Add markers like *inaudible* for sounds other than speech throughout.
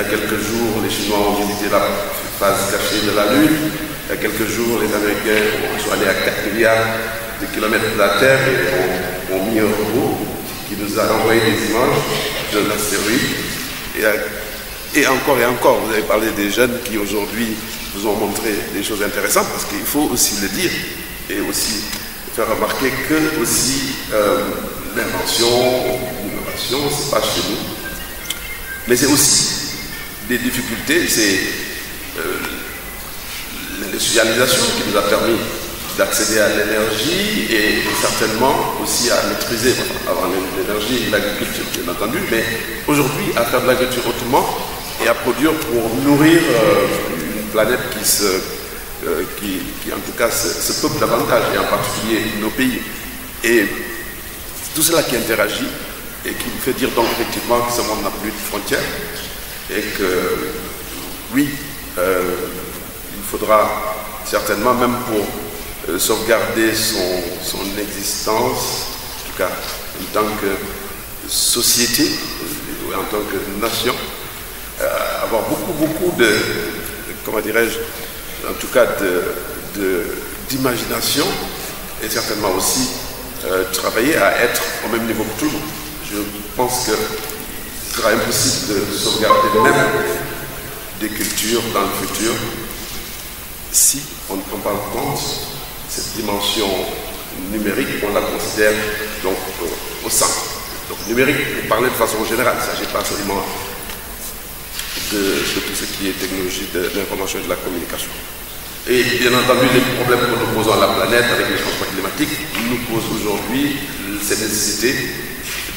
Il y a quelques jours, les Chinois ont visité la phase cachée de la Lune. Il y a quelques jours, les Américains sont allés à 4 milliards de kilomètres de la Terre et ont, mis un robot qui nous a envoyé des images de la série. et, encore et encore, vous avez parlé des jeunes qui aujourd'hui vous ont montré des choses intéressantes, parce qu'il faut aussi le dire et aussi faire remarquer que aussi euh, l'invention, l'innovation, n'est pas chez nous, mais c'est aussi des difficultés, c'est euh, l'industrialisation qui nous a permis d'accéder à l'énergie et certainement aussi à maîtriser, avant l'énergie, l'agriculture bien entendu, mais aujourd'hui à faire de l'agriculture autrement et à produire pour nourrir euh, une planète qui, se, euh, qui, en tout cas se, se peuple davantage et en particulier nos pays. Et tout cela qui interagit et qui nous fait dire donc effectivement que ce monde n'a plus de frontières, et que oui, euh, il faudra certainement, même pour euh, sauvegarder son, son, existence, en tout cas en tant que société, euh, en tant que nation, avoir beaucoup, beaucoup de, comment dirais-je, en tout cas d'imagination, de, d'imagination, et certainement aussi travailler à être au même niveau que tout le monde. Je pense que il sera impossible de sauvegarder même des cultures dans le futur si on ne prend pas en compte cette dimension numérique, on la considère donc au sein Donc numérique, on parle de façon générale, il ne s'agit pas seulement de, tout ce qui est technologie de, l'information et de la communication. Et bien entendu, les problèmes que nous posons à la planète avec les changements climatiques nous posent aujourd'hui cette nécessité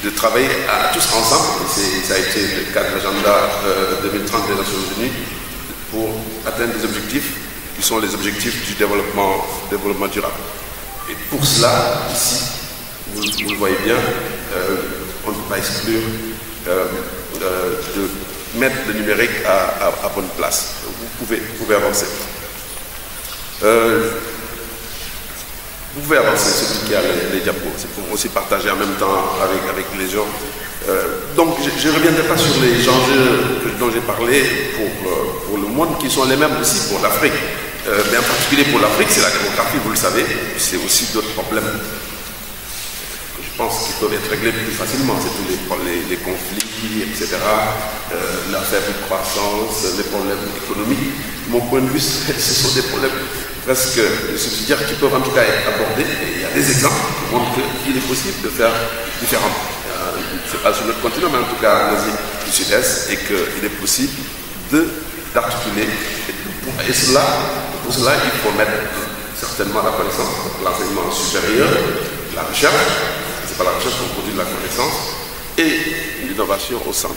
de travailler tous ensemble, et ça a été le cadre de l'agenda 2030 euh, des Nations Unies, pour atteindre des objectifs qui sont les objectifs du développement, développement durable. Et pour cela, ici, vous, le voyez bien, euh, on ne peut pas exclure euh, de mettre le numérique à, bonne place. Vous pouvez, vous pouvez avancer. Vous pouvez avancer, c'est qui a les, les C'est pour aussi partager en même temps avec, avec les gens. Euh, donc, je ne reviendrai pas sur les enjeux dont j'ai parlé pour, euh, pour le monde, qui sont les mêmes aussi pour l'Afrique. Euh, mais en particulier pour l'Afrique, c'est la démographie, vous le savez. C'est aussi d'autres problèmes que je pense qui peuvent être réglés plus facilement. C'est tous les, problèmes, les, conflits, etc. la faible croissance, les problèmes économiques. mon point de vue, *laughs* ce sont des problèmes que presque subsidiaires qui peuvent en tout cas être abordés. Et il y a des exemples qui montrent qu'il est possible de faire différemment. Euh, c'est pas sur notre continent, mais en tout cas en Asie du Sud-Est, et qu'il est possible d'articuler. Et, cela, pour cela, il faut mettre certainement la connaissance, l'enseignement supérieur, la recherche, c'est pas la recherche qu'on produit de la connaissance, et l'innovation au centre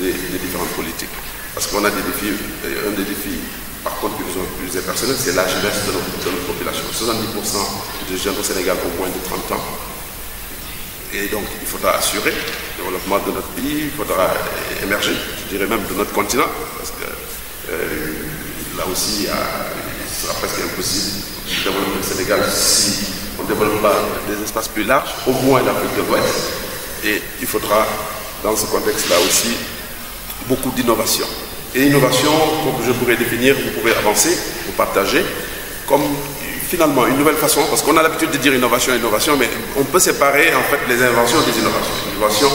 des, différentes politiques. Parce qu'on a des défis, un des défis par contre que nous personnel, c'est la jeunesse de notre, population. 70% des jeunes au Sénégal ont moins de 30 ans. Et donc, il faudra assurer le développement de notre pays, il faudra euh, émerger, je dirais même de notre continent, parce que euh, là aussi, il sera presque impossible de développer le Sénégal si on ne développe pas des espaces plus larges, au moins l'Afrique de l'Ouest. Et il faudra, dans ce contexte-là aussi, beaucoup d'innovation. Et l'innovation, comme je pourrais définir, vous pouvez avancer, vous partager, comme finalement une nouvelle façon, parce qu'on a l'habitude de dire innovation, innovation, mais on peut séparer en fait les inventions des innovations. L'innovation,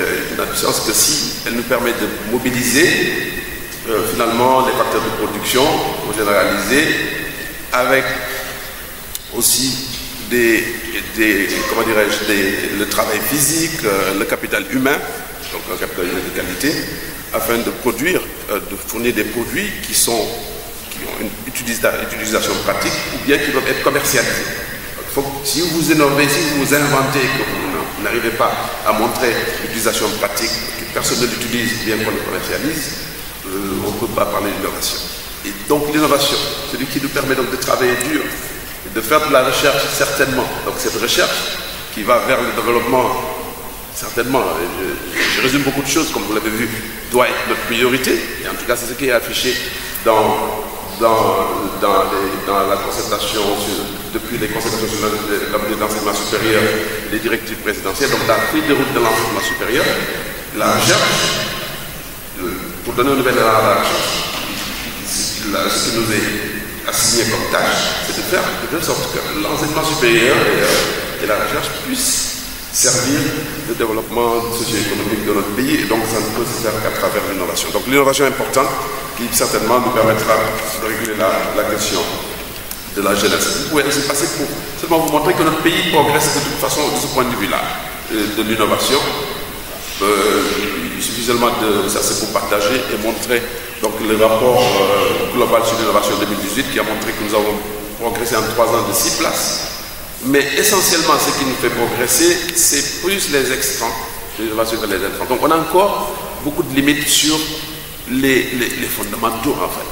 euh, n'a sens que si elle nous permet de mobiliser euh, finalement les facteurs de production, pour généraliser, avec aussi des, comment dirais-je, le travail physique, euh, le capital humain, donc un capital humain de qualité, afin de produire euh, de fournir des produits qui, sont, qui ont une utilisation pratique ou bien qui doivent être commercialisés. si vous innovez, si vous inventez que vous n'arrivez pas à montrer l'utilisation pratique, que personne ne l'utilise bien qu'on le commercialise, euh, on ne peut pas parler d'innovation. Et donc l'innovation, celui qui nous permet donc de travailler dur, de faire de la recherche certainement. Donc cette recherche qui va vers le développement Certainement, je, résume beaucoup de choses, comme vous l'avez vu, doit être notre priorité. Et en tout cas, c'est ce qui est affiché dans, la concertation, depuis les concertations sur d'enseignement l'enseignement supérieur, les directives présidentielles, donc la feuille de route de l'enseignement supérieur, la recherche, euh, pour donner une nouvelle à la recherche, ce qui nous est assigné comme tâche, c'est de faire de sorte que l'enseignement supérieur et euh, la recherche puissent servir le développement socio-économique de notre pays et donc ça ne peut se faire qu'à travers l'innovation. Donc l'innovation est importante qui certainement nous permettra de régler la, la question de la jeunesse. Vous pouvez laisser passer pour seulement vous montrer que notre pays progresse de toute façon de ce point de vue-là, euh, de l'innovation. Euh, suffisamment de ça, c'est pour partager et montrer donc le rapport euh, global sur l'innovation 2018 qui a montré que nous avons progressé en trois ans de six places mais essentiellement, ce qui nous fait progresser, c'est plus les extrants les intrants. Donc on a encore beaucoup de limites sur les, les, fondamentaux, en fait.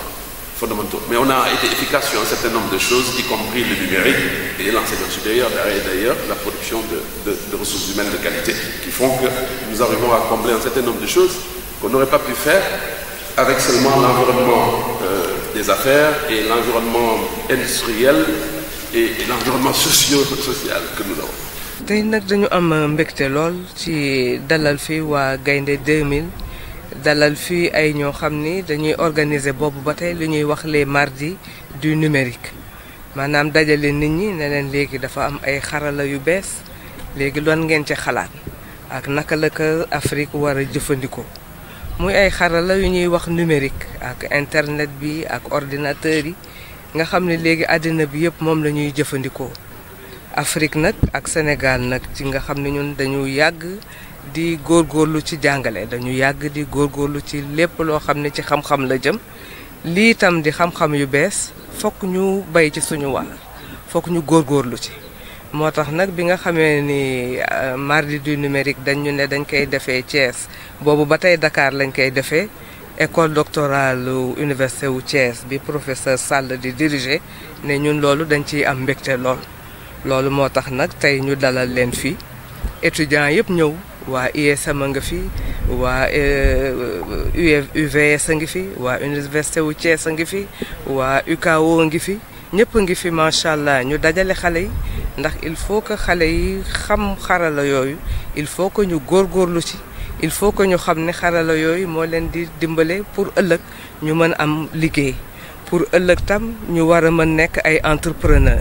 Fondamentaux. Mais on a été efficace sur un certain nombre de choses, y compris le numérique et l'enseignement supérieur, e e, d'ailleurs, la production de, ressources humaines de qualité, qui font que nous arrivons à combler un certain nombre de choses qu'on n'aurait pas pu faire avec seulement l'environnement euh, des affaires et l'environnement industriel et tey nag dañu am mbégte lool ci dalal fi waa Gaynde 2000 dalal fii ay ñoo xam ni dañuy organiser boobu ba tey lu ñuy wax lee mardis du numérique maanaam dajale nit ñi ne leen léegi dafa am ay xarala yu bees léegi doon ngeen ci xalaat ak naka la ko Afrique war a jëfandikoo muy ay xarala yu ñuy wax numérique ak internet bi ak ordinateur yi. nga xam ne léegi àddina bi yëpp moom la ñuy jëfandikoo Afrique nag ak Sénégal nag ci nga xam ne ñun dañu yàgg di góor góorlu ci jàngale dañu yàgg di góor góorlu ci lépp loo xam ne ci xam-xam la jëm lii itam di xam-xam yu bees fokk ñu bay ci suñu wàll fokk ñu góor góorlu ci moo tax nag bi nga xamee ni euh, mardi du numérique dañu ne dañ koy defee Thiès boobu ba tey Dakar lañ koy defee école doctorale université wu Thiès bi professeur Sall di diriger ne ñun loolu dañ ciy am mbégte lool. loolu moo tax nag tey ñu dalal leen fii étudiants yëpp ñëw waa ISM a nga fi waa UVS euh, a ngi fi waa université wu Thiès a ngi fi waa UKO a ngi fi ñëpp a ngi fi macha allah ñu dajale xale yi ndax il faut que xale yi xam xarala yooyu il faut que ñu góor góorlu ci. il faut que ñu xam ne xarala yooyu moo leen di dimbale pour ëllëg ñu mën am liggéey pour ëllëg tam ñu war a mën nekk ay entrepreneur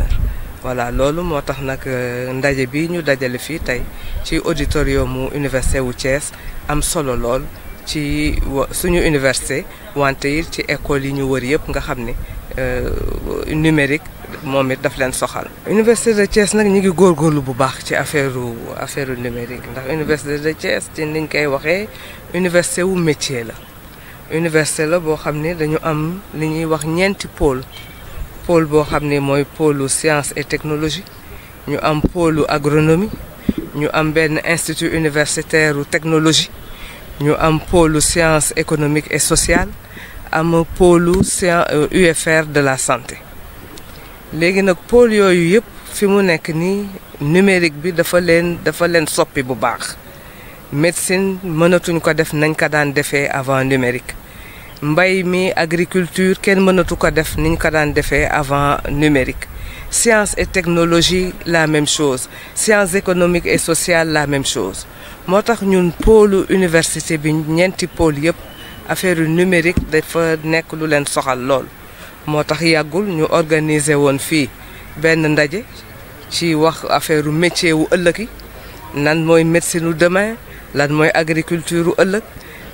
voilà loolu moo tax nag euh, ndaje bi ñu dajale fii tey ci auditorium mu université wu Thiès am solo lool ci suñu université wante it ci école yi ñu wër yëpp nga xam ne euh, numérique momit daf leen soxal. Université de Thiès nag ñu ngi góorgóorlu bu baax ci affaire affaire numérique ndax Université de Thiès ci niñ koy waxee université wu métier la. Université la boo xam ne dañu am li ñuy wax ñeenti pôle pôle boo xam ne mooy pôlu science et technologie ñu am pôle agronomie ñu am benn institut universitaire ou technologie ñu am pôlu science économique et sociale am pôle UFR euh, de la santé. léegi nag pol yooyu yëpp fi mu nekk nii numérique bi dafa leen dafa leen soppi bu baax médecine mënatuñ ko def nañ ko daan defee avant numérique mbay mi agriculture kenn mënatu ko def niñ ko daan defee avant numérique science et technologie la même chose science économique et sociale la même chose moo tax ñun pôlu université bi ñeenti pol yëpp affaire numérique dafa nekk lu leen soxal lool motax yagul ñu organiser won fi ben ndaje ci wax affaireu métier wu ëlëk yi nan moy médecine u demain lan moy agriculture wu ëlëk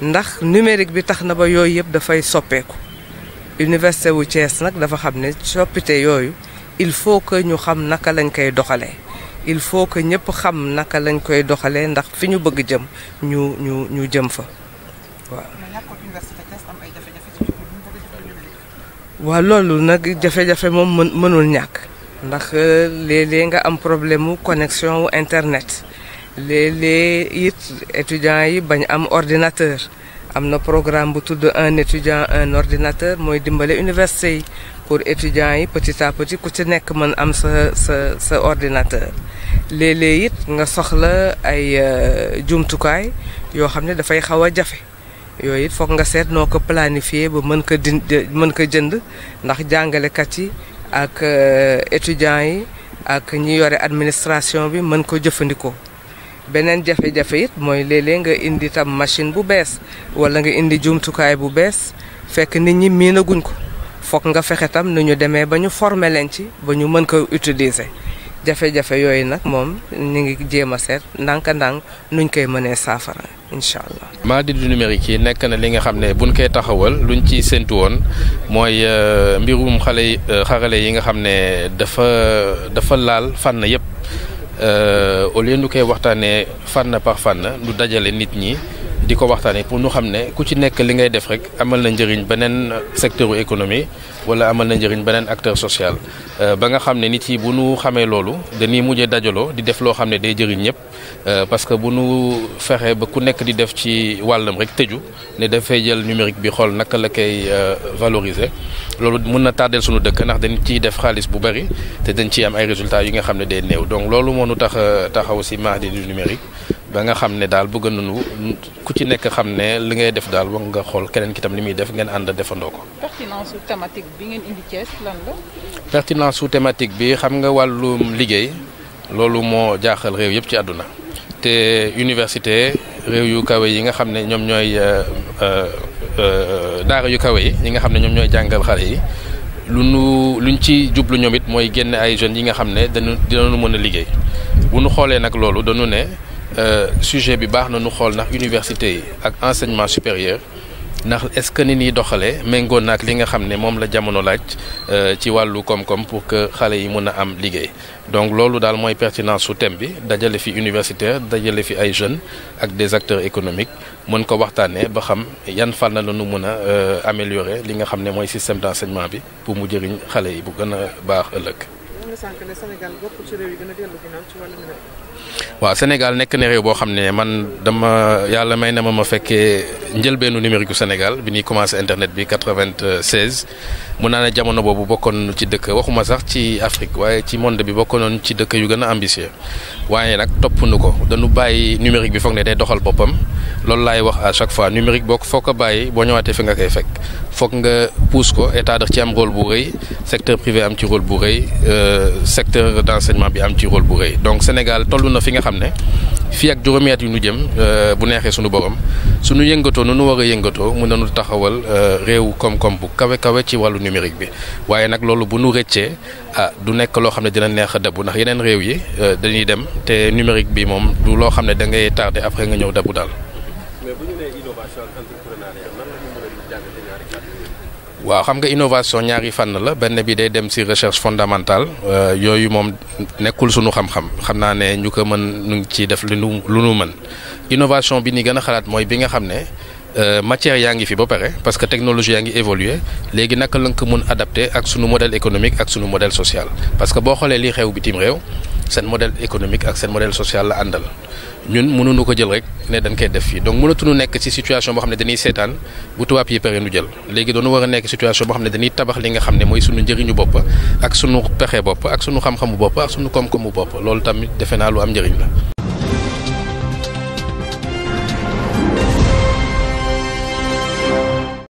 ndax numérique bi taxna ba yoy yeb da fay soppeku université wu Thiès nak dafa xamné ne soppite yooyu il faut que ñu xam naka lañ koy doxalé il faut que ñëpp xam naka lañ koy doxalé ndax fiñu bëgg jëm ñu ñu ñu jëm fa waaw waa loolu nag jafe-jafe moom mën mënul ñàkk ndax euh, léeg-léeg nga am problème mu connexion wu internet léeg-léeg it étudiants yi bañ am ordinateur am na programme bu tudd un étudiant un ordinateur mooy dimbale université yi pour étudiants yi petit à petit ku ci nekk mën am sa sa sa ordinateur léeg-léeg it nga soxla ay euh, jumtukaay yoo xam ne dafay xaw a jafe yooyu it foog nga seet noo ko planifier ba mën ko din mën ko jënd ndax jàngalekat yi ak euh, étudiants yi ak ñi yore administration bi mën ko jëfandikoo. beneen jafe-jafe it mooy léeg-léeg nga indi tam machine bu bees wala nga indi jumtukaay bu bees fekk nit ñi miinaguñ ko foog nga fexe tam nu ñu demee ba ñu former leen ci ba ñu mën ko utiliser. jafe-jafe yooyu nag moom ñu ngi jéem a seet ndànk-ndànk nuñ koy mënee saafara incha allah. mardi du numérique yi nekk na li nga xam ne bu buñ koy taxawal luñ ci séntu woon mooy euh, mbirum xale yi euh, xarale yi nga xam ne dafa dafa laal fànn yëpp euh, au lieu ñu koy waxtaanee fànn par fànn lu dajale nit ñi. di ko waxtaanee pour ñu xam ne ku ci nekk li ngay def rek amal na njëriñ beneen secteur économie wala amal na njëriñ beneen acteur social euh, ba nga xam ne nit yi bu ñu xamee loolu dañuy mujjee dajaloo di def loo xam ne day jëriñ ñëpp euh, parce que bu nu fexee ba ku nekk di def ci wàllam rek tëju ne dafay jël numérique bi xool naka la koy euh, valoriser loolu mun na tardel suñu dëkk ndax dañ ciy def xaalis bu bari te dañ ciy am ay résultats yi nga xam ne day néew donc loolu moo nu tax taxaw si Mardi du numérique ba nga xam ne daal bëgg nañu ku ci nekk xam ne li ngay def daal wax nga xool keneen ki tam li muy def ngeen ànd defandoo ko. pertinence su thématique bi xam nga wàllum liggéey loolu moo jaaxal réew yëpp ci àdduna. te université réew yu kawe yi nga xam ne ñoom ñooy euh, euh, euh, daara yu kawe yi yi nga xam ne ñoom ñooy jàngal xale yi lu nu luñ ci jublu ñoom it mooy génn ay jeunes yi nga xam ne dañu dinañu mën a liggéey bu nu xoolee nag loolu dañu ne. Euh, sujet bi baax na nu xool ndax université yi ak enseignement supérieur ndax est-ce que ni ñuy doxalee méngoo naag li nga xam ne moom la jamono laaj euh, ci wàllu koom-koom pour que xale yi mën a am liggéey donc loolu daal mooy pertinence su thème bi dajale fi universitaire dajale fi ay jeunes ak des acteurs économiques mën ko waxtaanee ba xam yan fànn la ñu mën a euh, améliorer li nga xam ne mooy système d'enseignement bi pour mu jëriñ xale yi bu gën a baax ëllëg. waaw Sénégal nekk na réew boo xam ne man dama yàlla may na ma ma fekkee njëlbeenu numérique Sénégal bi ñuy commencé internet bi 96 mun naa ne jamono boobu bokkoon ci dëkk waxuma sax ci Afrique waaye ci monde bi bokkoon ci dëkk yu gën a ambitieux waaye nag topp nu ko dañu bàyyi numérique bi foog ne day doxal boppam loolu laay wax à chaque fois numérique boo foo ko bàyyi boo ñëwaatee fi nga koy fekk foog nga pousse ko état de ci am rôle bu rëy secteur privé am ci rôle bu rëy euh, secteur d'enseignement bi am ci rôle bu rëy donc Sénégal toll na fi nga xam ne fii ak juróomi yu nu jëm euh, bu neexee sunu borom sunu yëngatoo nu nu war a yëngatoo mun nañu taxawal euh, réew koom-koom bu kawe kawe ci wàllu numérique bi waaye nag loolu bu nu rëccee ah du nekk loo xam ne dina neex a dabu ndax yeneen réew yi euh, dañuy dem te numérique bi moom du loo xam ne da ngay tardé après nga ñëw dabu daal. waaw xam nga innovation ñaari fànn la benn bi day dem ci recherche fondamentale euh, yooyu moom nekkul sunu xam-xam xam naa ne ñu ko mën ñu ci def lu nu lu nu mën innovation bi ni gën a xalaat mooy bi nga xam ne euh, matière yaa ngi fi ba pare parce que technologie yaa ngi évoluer léegi naka la nga ko adapté ak sunu modèle économique ak sunu modèle social parce que boo xoolee li xew bitim réew. seen modèle économique ak seen modèle social la àndal ñun mënuñu ko jël rek ne dañ koy def fii donc mënatuñu nekk ci situation boo xam ne dañuy seetaan bu tubaab yi pare nu jël léegi doonu war a nekk situation boo xam ne dañuy tabax li nga xam ne mooy suñu njëriñu bopp ak suñu pexe bopp ak sunu xam-xamu bopp ak suñu koom-koomu bopp loolu tamit defe naa lu am njëriñ la